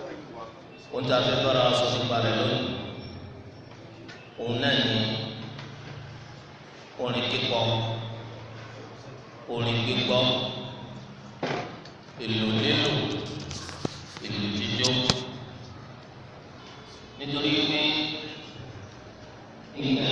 ohun tí a fẹ́ bára wa sọ nípa rẹ̀ lónìí òun náà ni orin kíkọ orin gbígbọ́ èlò lílò èlò jíjó nítorí pé nígbà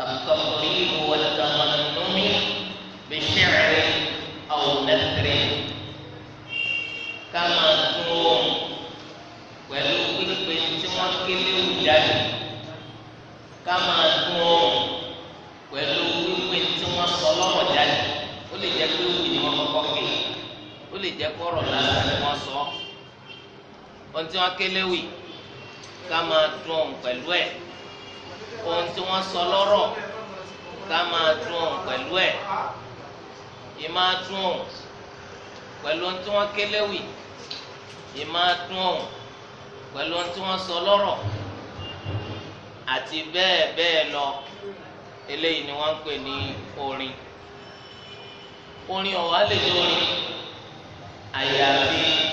التطريب والتغنم بشعر أو نثر كما تقول pẹ̀lú pípé tí wọ́n ké léwu jáde ká máa dún ọ́ pẹ̀lú pípé tí wọ́n sọ lọ́rọ̀ jáde ó lè jẹ́ pé òkè ni wọ́n kọ́kọ́ ohun tí wọ́n sọ lọ́rọ̀ ká máa tún òun pẹ̀lú ẹ̀ yìí máa tún òun pẹ̀lú ohun tí wọ́n kéléwì yìí máa tún òun pẹ̀lú ohun tí wọ́n sọ lọ́rọ̀ àti bẹ́ẹ̀ bẹ́ẹ̀ lọ eléyìí ni wọ́n ń pè ní orin orin ọ̀wá lè lórí àyàfi.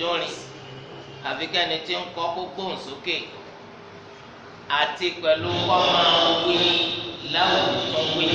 jọ́ rìn àfi kẹ́ni tí ń kọ́ gbóhùn sókè àti pẹ̀lú kọ́ máa wí láwùjọ wí